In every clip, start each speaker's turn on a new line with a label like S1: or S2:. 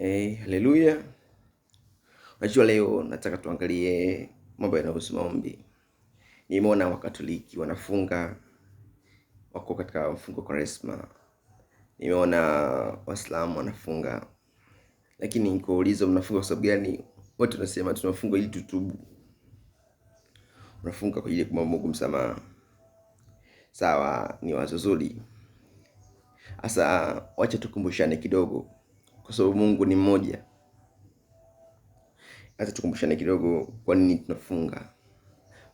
S1: Hey, eh, haleluya. Unajua leo nataka tuangalie mambo yanayohusu maombi. Nimeona Wakatoliki wanafunga wako katika mfungo Kwaresma. Nimeona Waislamu wanafunga, lakini nikuuliza, mnafunga kwa sababu gani? Wote tunasema tunafunga ili tutubu. Unafunga kwa ajili ya kumwomba Mungu msamaha. Sawa, ni wazo zuri. Sasa wacha tukumbushane kidogo kwa sababu Mungu ni mmoja. Hata tukumbushane kidogo, kwa nini tunafunga?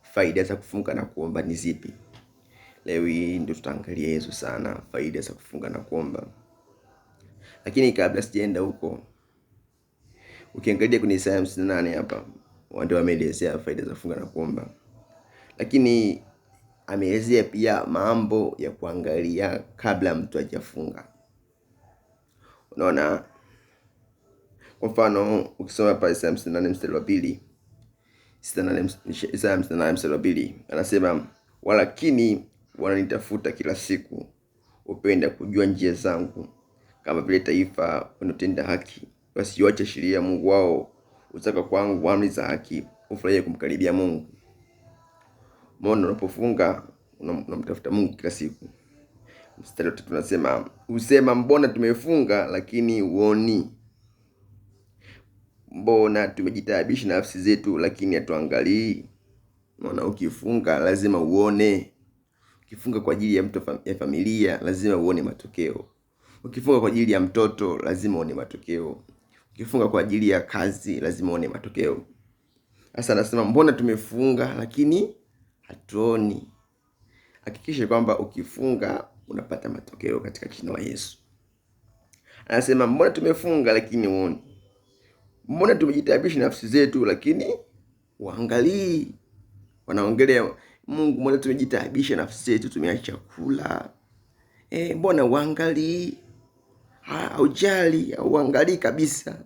S1: Faida za kufunga na kuomba ni zipi? Leo hii ndio tutaangalia hizo sana, faida za kufunga na kuomba. Lakini kabla sijaenda huko, ukiangalia kwenye Isaya 58 nane hapa ndio wameelezea faida za kufunga na kuomba, lakini ameelezea pia mambo ya kuangalia kabla mtu hajafunga. Unaona, kwa mfano ukisoma hapa Isaya 58 mstari wa pili, Isaya 58 mstari wa pili anasema, walakini wananitafuta kila siku, upenda kujua njia zangu, kama vile taifa wanaotenda haki, wasiyoacha sheria ya Mungu wao, utaka kwangu amri za haki, ufurahie kumkaribia Mungu. Mbona unapofunga unamtafuta Mungu kila siku? Mstari wa tatu unasema, usema mbona tumefunga lakini uoni Mbona tumejitaabisha nafsi zetu, lakini hatuangalii. Maana ukifunga lazima uone, ukifunga kwa ajili ya mtu ya familia lazima uone matokeo, ukifunga kwa ajili ya mtoto lazima uone matokeo, ukifunga kwa ajili ya kazi lazima uone matokeo. Sasa anasema mbona tumefunga lakini hatuoni. Hakikisha kwamba ukifunga unapata matokeo katika jina la Yesu. Anasema mbona tumefunga lakini huoni. Mbona tumejitabisha nafsi zetu, lakini waangalii wanaongelea Mungu, mbona tumejitaabisha nafsi zetu, tumeacha kula e, mbona waangalii Haujali, hauangalii kabisa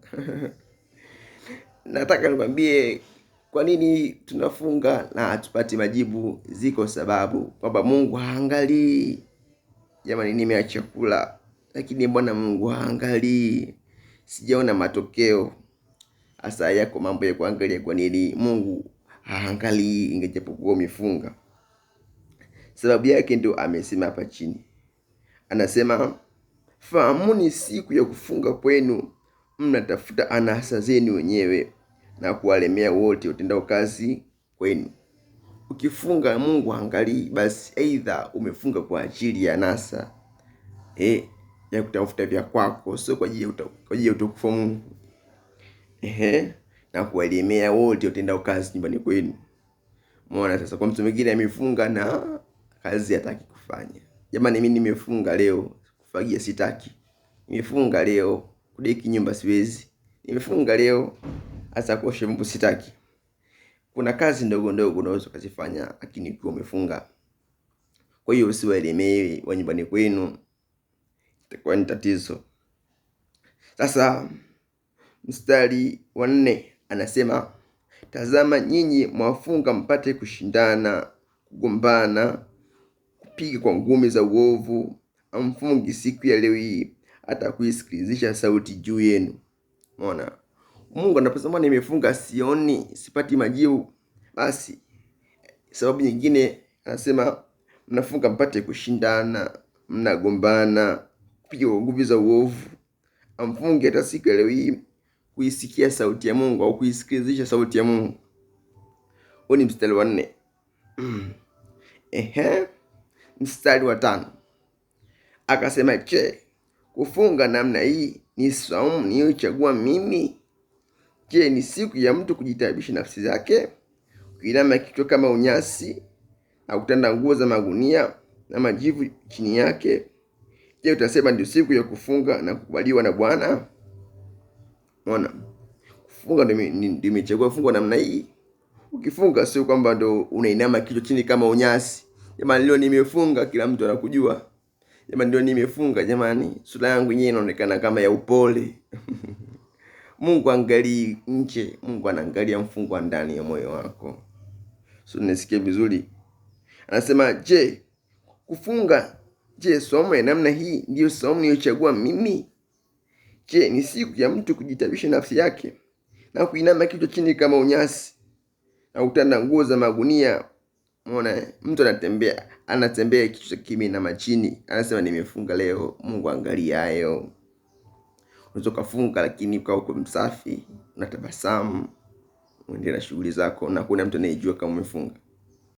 S1: nataka nikwambie kwa nini tunafunga na hatupati majibu. Ziko sababu kwamba Mungu haangalii. Jamani, nimeacha kula, lakini mbona Mungu haangalii? Sijaona matokeo hasa yako mambo ya kuangalia kwa nini Mungu haangali ingejapokuwa umefunga. Sababu yake ndio amesema hapa chini, anasema fahamuni siku ya kufunga kwenu, mnatafuta anasa zenu wenyewe na kuwalemea wote utendao kazi kwenu. Ukifunga Mungu haangalii, basi aidha umefunga kwa ajili ya anasa eh, ya kutafuta vya kwako, sio kwa ajili ya utukufu wa Mungu ehe, na kuwaelemea wote utenda kazi nyumbani kwenu. Umeona sasa, kwa mtu mwingine amefunga na kazi hataki kufanya. Jamani, mimi nimefunga leo, kufagia sitaki, nimefunga leo, kudeki nyumba siwezi, nimefunga leo, hasa kuosha mbu sitaki. Kuna kazi ndogo ndogo unaweza kuzifanya, lakini ukiwa umefunga. Kwa hiyo usiwaelemee wa nyumbani kwenu, itakuwa ni tatizo sasa mstari wa nne anasema, tazama nyinyi mwafunga mpate kushindana, kugombana, kupiga kwa ngumi za uovu, amfungi siku ya leo hii hata kuisikilizisha sauti juu yenu. Umeona, Mungu anaposema nimefunga sioni, sipati majibu, basi sababu nyingine anasema mnafunga mpate kushindana, mnagombana, kupiga kwa ngumi za uovu, amfungi hata siku ya leo hii kuisikia sauti ya Mungu au kuisikilizisha sauti ya Mungu. Huu ni mstari wa nne. Ehe, mstari wa tano akasema, je, kufunga namna hii ni saumu niyoichagua mimi? Je, ni siku ya mtu kujitabisha nafsi zake, kuinama kichwa kama unyasi na kutanda nguo za magunia na majivu chini yake? Je, utasema ndio siku ya kufunga na kukubaliwa na Bwana? Mwana Kufunga ndio imechagua kufunga namna hii. Ukifunga sio kwamba ndo unainama kichwa chini kama unyasi. Jamani leo nimefunga, kila mtu anakujua. Jamani leo nimefunga jamani, sura yangu yenyewe inaonekana kama ya upole. Mungu angalii nje, Mungu anaangalia mfungo wa ndani ya moyo wako. So nisikie vizuri. Anasema, "Je, kufunga je, somo ya namna hii ndiyo somo niliyochagua mimi?" Je, ni siku ya mtu kujitabisha nafsi yake na kuinama kichwa chini kama unyasi na kutanda nguo za magunia. Mona mtu anatembea anatembea kichwa kimeinama chini, anasema nimefunga leo, Mungu angalia hayo. Unaweza kufunga lakini ukawa uko msafi, unatabasamu, uendelee na shughuli zako na kuna mtu anayejua kama umefunga.